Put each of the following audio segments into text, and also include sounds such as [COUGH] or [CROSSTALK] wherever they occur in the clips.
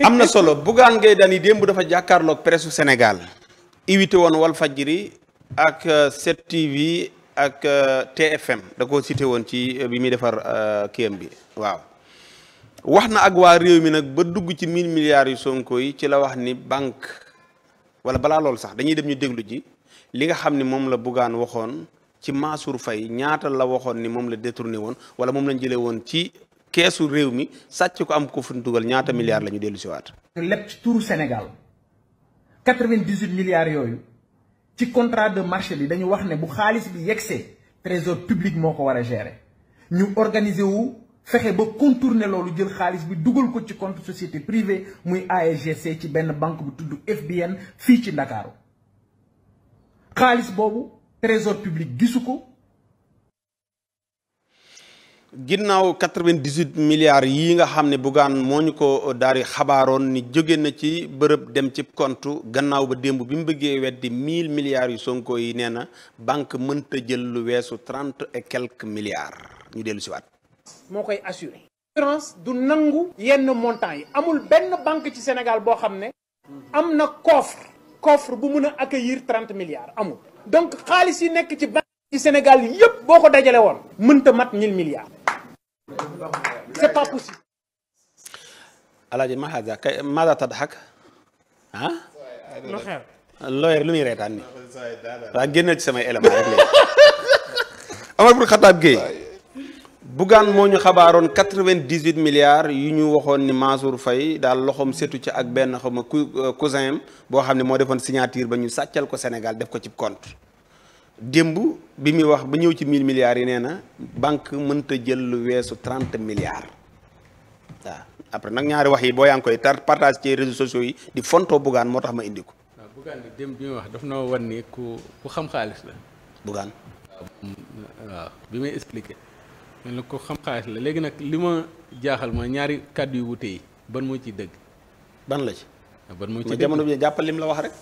am na solo Bougane Gueye Dany démb dafa jàkkaarloog presse senegal invité woon Walfadjri ak 7TV euh, ak euh, TFM da ko cité woon ci euh, bi muy defar kéem bi waaw wax na ak waa réew mi nag ba dugg ci mille milliards yu Sonko yi ci la wax ni banque wala balaa loolu sax dañuy dem ñu déglu ji li nga xam ni moom la Bougane waxoon ci Mansour Faye ñaata la waxoon ni moom la détourné woon wala moom lañ jëlee woon ci keesu réew mi sàcc ko am ko fu ñu dugal ñaata milliards la ñu dellu si waat. lépp ci turu Sénégal quatre-vingt-dix-huit yooyu ci contrat de marché bi dañu wax ne bu xaalis bi yegsee trésor public moo ko war a gérer ñu organiser wu fexe ba contourner loolu jël xaalis bi dugal ko ci compte société privée muy AEGC ci benn banque bu tudd FBN fii ci Ndakaaru xaalis boobu trésor public gisu ko. ginnaaw 98 milliards yi nga xam ne Bougane moo ñu ko daal xabaaroon ni jóge na ci bërëb dem ci compte gannaaw ba démb bi mu bëggee weddi 1000 milliards yu sonkoo yi nee na banque mënta jël lu weesu trente et quelques milliards ñu dellu si waat. moo koy assuré. assurance du nangu. yenn montant yi amul benn banque ci Sénégal boo xam ne. am na coffre. coffre bu mun a accueillir 30 milliards amul. donc xaalis yi nekk ci banque ci Sénégal yépp boo ko dajale woon. mënta mat 1000 milliards. c'est pas ah? lu muy reetaan nii. [LAUGHS] waaw génneel ci samay éléments rek léegi. [LAUGHS] Omar Ibn Khattab moo ñu xabaaroon quatre-vingt-dix-huit milliards yu ñu waxoon ni Mansour fay daal loxoom setu ci ak benn xaw ma euh, cousin boo xam ne moo defoon signature ba ñu sàccal ko Sénégal def ko ci compte. démb bi muy wax ba ñëw ci mille milliards yi nee na banque mënta jël lu weesu trente milliards waaw après nag ñaari wax yi boo yaa ngi koy partage ci réseaux sociaux yi di fontoo Bougane moo tax ma indi ko. waaw démb bi muy wax daf noo wan ni ku ku xam la. bi may expliqué. mel ko xam xaalis la léegi nag li ma jaaxal mooy ñaari kàddu yu wute yi ban moo ciy dëgg. ban la ci. ban moo ci dëgg jamono bi jàppal lim la wax rek.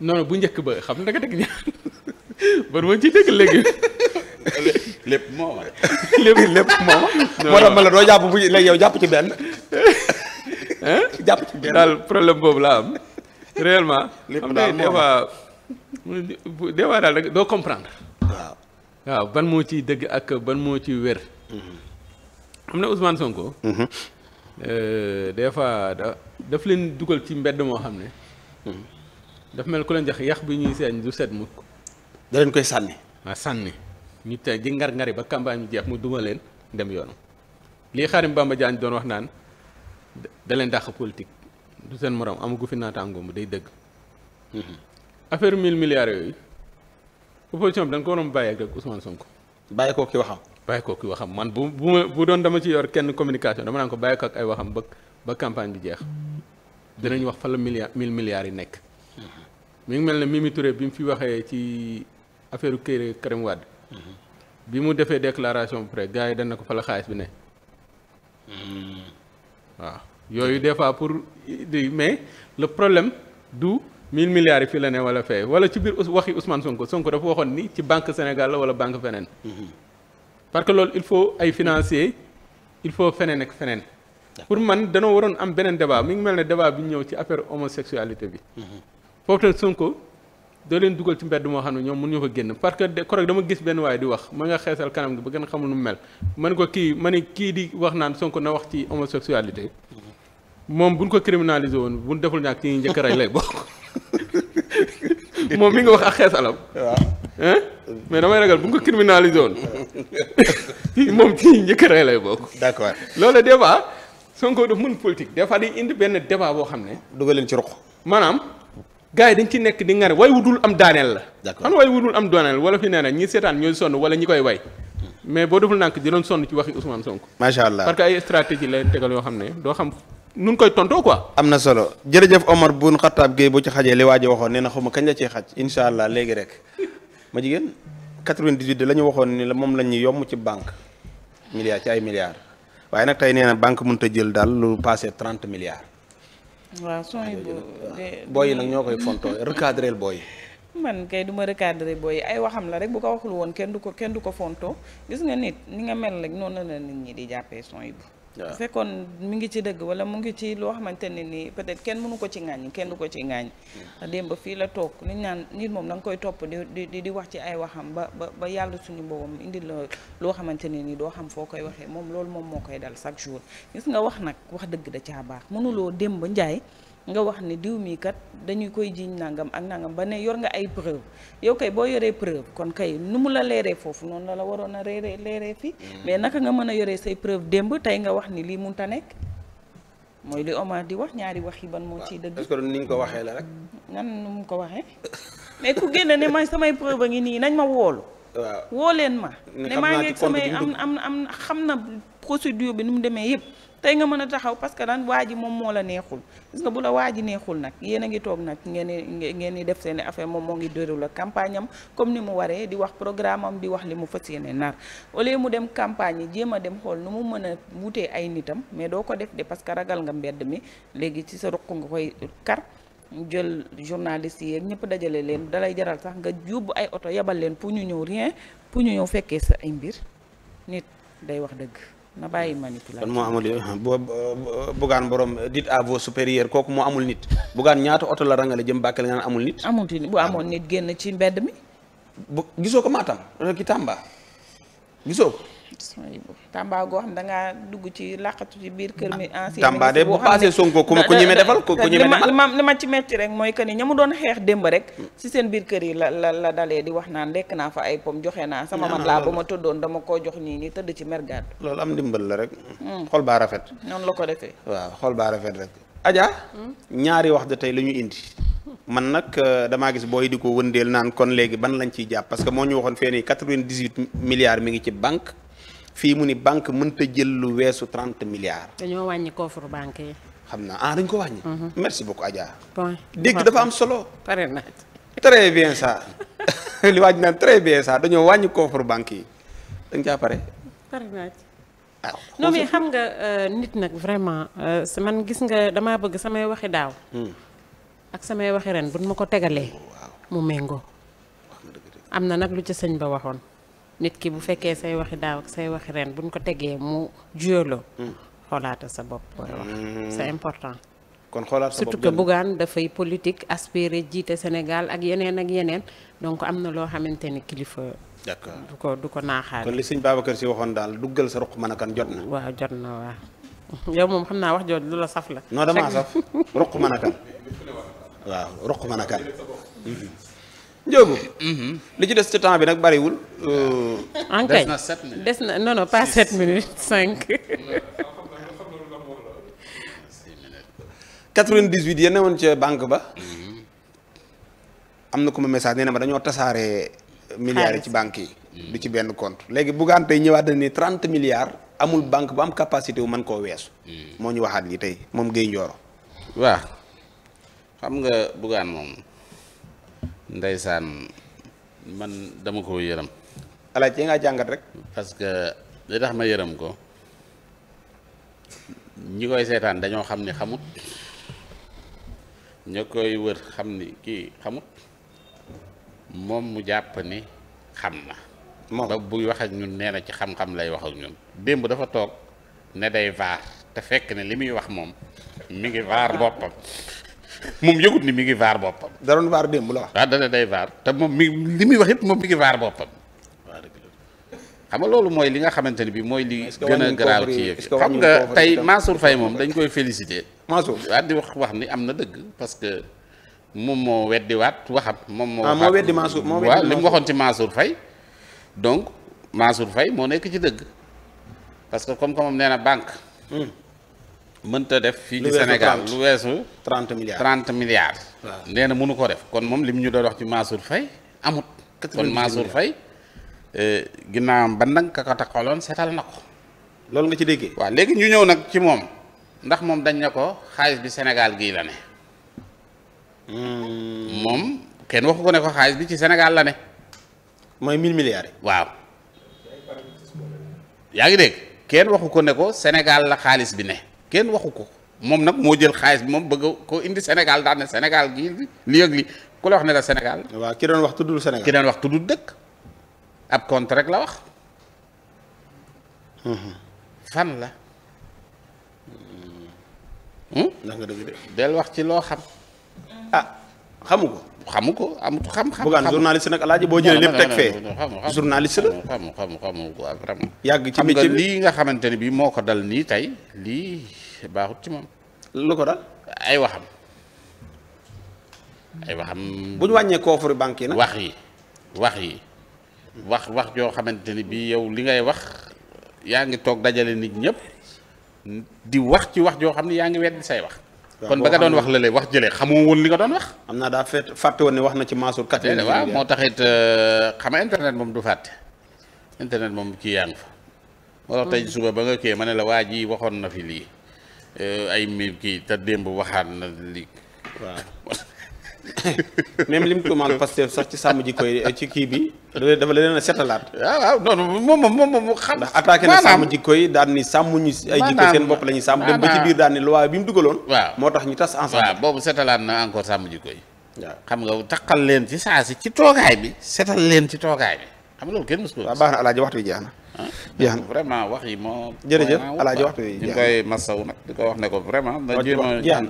non bu njëkk ba xam nga dëgg ñaar. man moo ci dégg léegi. lépp moo ma. lépp [LAUGHS] lépp moo ma. [LAUGHS] moo ma la doo jàpp bu léegi yow jàpp ci benn. [LAUGHS] jàpp ci benn daal problème boobu laa am réellement. lépp xam nga des fois doo comprendre. waaw ban moo ciy dëgg ak ban moo ci wér. xam ne Ousmane Sonko. Mhm. Euh, des fois da daf leen dugal ci mbedd moo xam ne. Mhm. daf mel ku leen jox yax bi ñuy seen du set mukk da koy sànni. waaw sànni ñu tey ji ngar-ngari ba campagne bi jeex mu duma leen dem yoonu lii Xarim Bamba Diagne doon wax naan da leen dàq politique du seen morom amagu fi naataangoom day dëgg. Mhm. affaire mille milliards yooyu opposition bi dañ ko waroon bàyyi ak Ousmane Sonko. bàyyi ko ki waxam. bàyyi waxam man bu bu bu doon dama ci yor kenn communication dama naan ko bàyyi ko ak ay waxam ba ba campagne bi jeex danañu wax fa milliar milliard mille milliards yi nekk. Mhm. fi waxee ci affaire kër Karim Wade bi mu defee déclaration près gars yi dana ko fa la xaalis bi ne waaw yooyu des fois pour mais le problème du mille milliards yi fii la ne wala fee wala ci biir wax waxi Ousmane Sonko Sonko dafa waxoon ni ci banque Sénégal la wala banque feneen parce que loolu il faut ay financier il faut feneen ak feneen pour man danoo waroon am beneen débat mi ngi mel ne débat bu ñëw ci affaire homosexualité bi foofu tamit Sonko doo leen dugal ci mbedd moo xam ne ñoom mënuñu ko génn parce que korog dama gis benn waaye di wax ma nga xeesal kanam gi ba gën xamul nu mel man ko kii ma ne kii di wax naan Sonko na wax ci homosexualité moom buñ ko criminalisé woon buñ deful ñàkk ci ñuy njëkk rey lay bokk [LAUGHS] moom mi nga wax ak xeesalam waaw mais damay ragal bu ñu ko criminalisé woon [LAUGHS] moom ci ñuy njëkk rey lay bokk d'accord loolu débat Sonko daf mën politique des fois di indi benn débat boo xam ne dugal leen ci ruq maanaam gars yi dañ ci nekk di ngare way wudul am daaneel la. d'accord man way wudul am daaneel wala fi nee na ñi seetaan ñooy sonn wala ñi koy way. mais boo deful nànk di doon sonn ci waxi Ousmane Sonko. macha allah parce que ay stratégie lay tegal yoo xam ne doo xam nun koy tontoo ko am na solo jërëjëf Omar Boun Khattab Gueye bu ci xajee li waa waxoon nee na xaw ma kañ la cee xaj incha allah léegi rek ma jigéen 98 la ñu waxoon ni la moom la ñuy yomb ci banque milliards ay milliards waaye nag tey nee banque mënut jël daal lu passé 30 milliards. waaw son yi booy yi nag ñoo koy fontoo [LAUGHS] recadrel booy yi man kay du ma recadrer booy ay waxam la rek bu ko waxul woon kenn du ko kenn du ko fontoo gis nga nit ni nga mel rek noonu la nit ñi di jàppee son yi bu waaw fekkoon mu ngi ci dëgg wala mu ngi ci loo xamante ne nii peut-être kenn mënu ko ci ŋaañ kenn du ko ci ŋaañ. Mm. démb fii la toog li ñu naan nit moom da nga koy topp di di di wax ci ay waxam ba ba ba yàlla suñu boobam indi la loo xamante ne nii doo xam foo koy waxee moom loolu moom moo koy dal chaque jour gis nga wax nag wax dëgg da caa baax mënuloo démb njaay. nga wax ne diw mii kat dañuy koy jiiñ nangam ak nangam ba ne yor nga ay preuve yow kay boo yoree preuve kon kay nu mu la leeree foofu noonu la la waroon a leeree leeree fii mm. mais naka nga mën a yore say preuve démb tey nga wax ni lii munta nekk mooy li Omar di wax ñaari wax yi ban moo ciy dëgg. est ni ñu ko waxee la rek. nan nu mu ko waxee mais ku génn ne man samay preuve a ngi nii nañ ma woolu waaw woo leen ma. ne maa ngi samay am am am xam na procédure bi nu mu demee yëpp. tey nga mën a taxaw parce que lan waa ji moom moo la neexul gis bu la waa ji neexul nag yéen a ngi toog nag ngeen di ngeen di def seen affaire moom moo ngi déroulé campagne am comme ni mu waree di wax programme am di wax li mu fas yéene nar au lieu mu dem campagne yi jéem a dem xool nu mu mën a wutee ay nitam mais doo ko def de parce que ragal nga mbedd mi léegi ci sa ruq nga koy kar jël journaliste yi ak ñëpp dajale leen dalay jaral sax nga yóbbu ay oto yebal leen pour ñu ñëw rien pour ñu ñëw fekkee sa ay mbir nit day wax dëgg na bàyyi manipulation kon moo amul boo bugaan borom dit à vos kooku moo amul nit bugaan ñaata oto la rangale jëm bàkkale nga naan amul nit. amul nit bu amoon nit génn ci mbedd mi. bu gisoo ko Matam ki Tamba gisoo Tamba goo xam da ngaa dugg ci làqatu ci biir kër mi. ancien Tamba de bu paasee Sonko ku ñeme defal ku ñeme defal li ma ci metti rek mooy que ni ña mu doon xeex démb rek. si seen biir kër yi la la la dalee di wax naan lekk naa fa ay pom joxe naa. sama ah, mat laa ba ma tëddoon dama koo jox nii nii tëdd ci mergaat. loolu am ndimbal la rek. Hmm. xol baa rafet. noonu la ko defee. waaw xol baa rafet rek. Adja. Hmm? ñaari wax de tey la ñu indi. man nag euh, damaa gis booy di ko wëndeel naan kon léegi ban lañ milliards mi ngi ci banque fii mu ni banque mënta jël lu weesu trente milliards. dañoo wàññi coffre banque yi. xam naa ah dañ ko wàññi. Mhm. merci beaucoup Adja. point dégg dafa am solo. pare na très bien ça [LAUGHS] li waaj naan très bien ça dañoo wàññi coffre banque yi dañ nga pare. pare naa ci ah xam nga euh, nit nag vraiment euh, man gis nga damaa bëgg samay waxi daaw. Hmm. ak samay waxi ren buñ ma ko tegalee. Oh, mu méngoo. am na nag lu ca sëñ ba waxoon. nit ki bu fekkee say waxi daaw ak say waxi reen buñ ko tegee mu juyaloo. Hmm. xoolaata sa bopp booy wax hmm. c'est important. kon xoolaat sa bopp surtout dafay politique aspiré jiite Sénégal ak yeneen ak yeneen donc am na loo xamante ni kilifa. du ko du ko naaxaale. kon li sëñ Babacar si waxoon daal duggal sa ruq mën a kan jot na. waaw jot na waaw. [LAUGHS] yow moom xam naa wax jooju lu la saf la. non damaa saf ruq mën a kan. waaw ruq mën a kan. Hmm. Ndiogou. Mm-hmm. li ci des ci temps bi nag bariwul. Euh, en des na sept minutes des na non non pas sept minutes cinq. 98 woon ca banque ba. Mm-hmm. am na ku ma message nee na ma dañoo tasaare. milliards ci banque yi. Mm-hmm. du ci benn compte léegi Bougane tey ñëwaat na ni 30 milliards amul banque bu am capacité wu man koo weesu. moo ñu waxaat lii tey moom Guèye Ndioro. waaw xam nga Bougane moom. ndeysaan man dama ko yërëm alaaj ci nga jàngat rek parce que li tax ma yërëm ko ñi koy seetaan dañoo xam ni xamut ña koy wër xam ni kii xamut moom mu jàpp ni xam na ba buy wax ak ñun nee na ci xam-xam lay wax ak ñun démb dafa toog ne day vaar te fekk ne li muy wax moom mi ngi vaar boppam moom yëgut ni mi ngi vaar boppam. da doon vaar waaw ah, dana day vaar te moom mi li muy wax it moom mi ngi vaar boppam. xam nga loolu mooy li nga xamante ni bii mooy li. gën a garaaw ci yëf xam nga tey Mansour Faye moom dañ koy félicité. Mansour di wax wax ni am na dëgg parce que moom moo weddi waat waxam. moom moo ah, moo weddi Mansour waa weddi li mu waxoon ci Mansour Faye donc Mansour Faye moo nekk ci dëgg parce que comme que moom nee mënta def fii ci Sénégal lu weesu. 30 milliards 30 milliards. nee na mënu ko def kon moom li mu ñu doon wax ci Mansour Faye amut. kon Mansour Faye eh, ginnaawam ba nag ka ko taxawaloon seetal na ko. loolu nga ci déggee. waaw léegi ñu ñëw nag ci moom ndax moom dañ ne ko xaalis bi Sénégal gii la ne. Hmm. moom kenn waxu ko ne ko xaalis bi ci Sénégal la ne. mooy 1000 milliards waaw. yaa ngi dégg kenn waxu ko ne ko Sénégal la xaalis bi ne. kenn waxu ko moom nag moo jël xaalis moom bëgg koo indi Sénégal daan na Sénégal gii li ak li ku la wax ne la Sénégal. waaw ki doon wax tuddul Sénégal ki doon wax tuddul dëkk ab compte rek la wax. Mhm. fan la. Hmm. Hmm? ndax nga dëgg del wax ci loo xam. ah xamu ko. xamu ko amut xam-xam. bugaan journaliste nag alaaji boo jëlee lépp teg fee. journaliste la xamu xamu xamu ko ak vraiment. yàgg ci métier lii nga xamante ne bii moo ko dal nii tey lii ci moom. lu ko dal ay waxam. ay waxam wàññee coffre banque yi nag wax yi wax yi wax wax joo xamante ni bii yow li ngay wax yaa ngi toog dajale nit ñëpp di wax ci wax joo xam ne yaa ngi weddi say wax. kon ba nga doon wax la lay wax jëlee xamoo woon li nga doon wax. am naa daa fett fàtte woon ne wax na ci Mansour. kat yi waaw moo taxit euh, xam internet moom du fàtte internet moom kii yaa ngi fa. moo tax tey hmm. suba ba nga kii ma ne la waa ji waxoon na fi lii euh, ay mi kii te démb waxaan na lii. waaw. [LAUGHS] [LAUGHS] même lim tuumaal Pastef sax ci sàmm ji koy ci kii bi dafa leen a setalaat. waaw ah, waaw non moom moom moom xam. ndax attaqué na sàmm jikko yi daan ni sàmm ñu ay jikko seen bopp la ñuy sàmm. dem ba ci biir daan ni loi bi mu dugaloon. waaw moo tax ñu tas ensemble. boobu setalaat na encore sàmm jikko yi. waaw xam nga taqal leen ci saa si ci toogaay bi. setal leen ci toogaay bi xam nga loolu kenn mësu ko. waaw baax na alaaji waxtu bi jeex na. Ah. jeex na vraiment wax yi moo. jërëjëf alaaji waxtu yi ñu koy masawu nag di wax ne ko vraiment. na jéem a jàng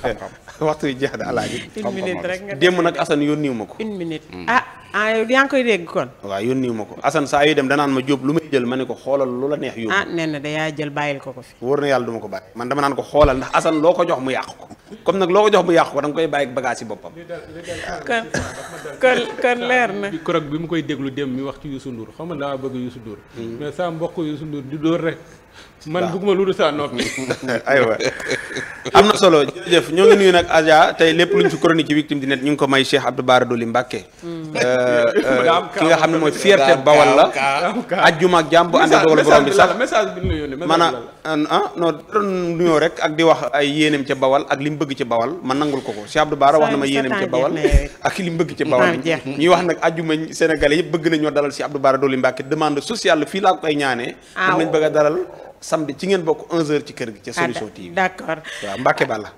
xam-xam [LAUGHS] waxtu yi jeex na alaaji. une minute rek nga démb nag Assane yónniwu ma ko. une minute hmm. ah ah yaa ngi koy dégg kon. waaw yónniwu ma ko Assane saa yu dem danaan ma jóob lu may jël ma ne ko xoolal lu la neex yóbbu. ah nee na da jël bàyyil ko ko fi. wóor na yàlla du ko bàyyi man dama naan ko xoolal ndax Assane loo ko jox mu yàqu ko comme nag loo ko jox mu yàqu ko koy bàyyi bagage yi boppam. kon kon kon leer na. korog bi mu koy déglu dem mi wax ci Youssou nduur xam nga daa bëgg Youssou Ndour. Hmm. mais saa mbokk Youssou Ndour di dóor rek. man bëgguma lu dul sa noppi. [LAUGHS] aywa am na solo jërëjëf ñoo ngi nuyu nag Adja tey lépp luñ fi chronique ci victime di net ñu ngi ko may Cheikh Abdou Bara Dolly Mbacké. Mm. Euh, [LAUGHS] euh, ki nga xam ne mooy fierté bawal la. ajjuma ak jàmm bu ànd ak dogal borom bi sax bi ñu la maanaam ah non nuyoo rek ak di wax ay yéeneem ca bawal ak li mu bëgg ca bawal ma nangul ko ko Cheikh Abdou Bara wax na ma yéeneem bawal ak li mu bëgg ca bawal ñuy wax nag ajjuma Sénégalais yëpp bëgg nañoo dalal Cheikh Abdou Bara Dolly Mbacké demande sociale fii laa ko ay ñaanee. am nañ bëgg a dalal sam samedi ci ngeen bokk 11 ci kër gi. ca ah, solution TV d'accord waaw Mbacke Balla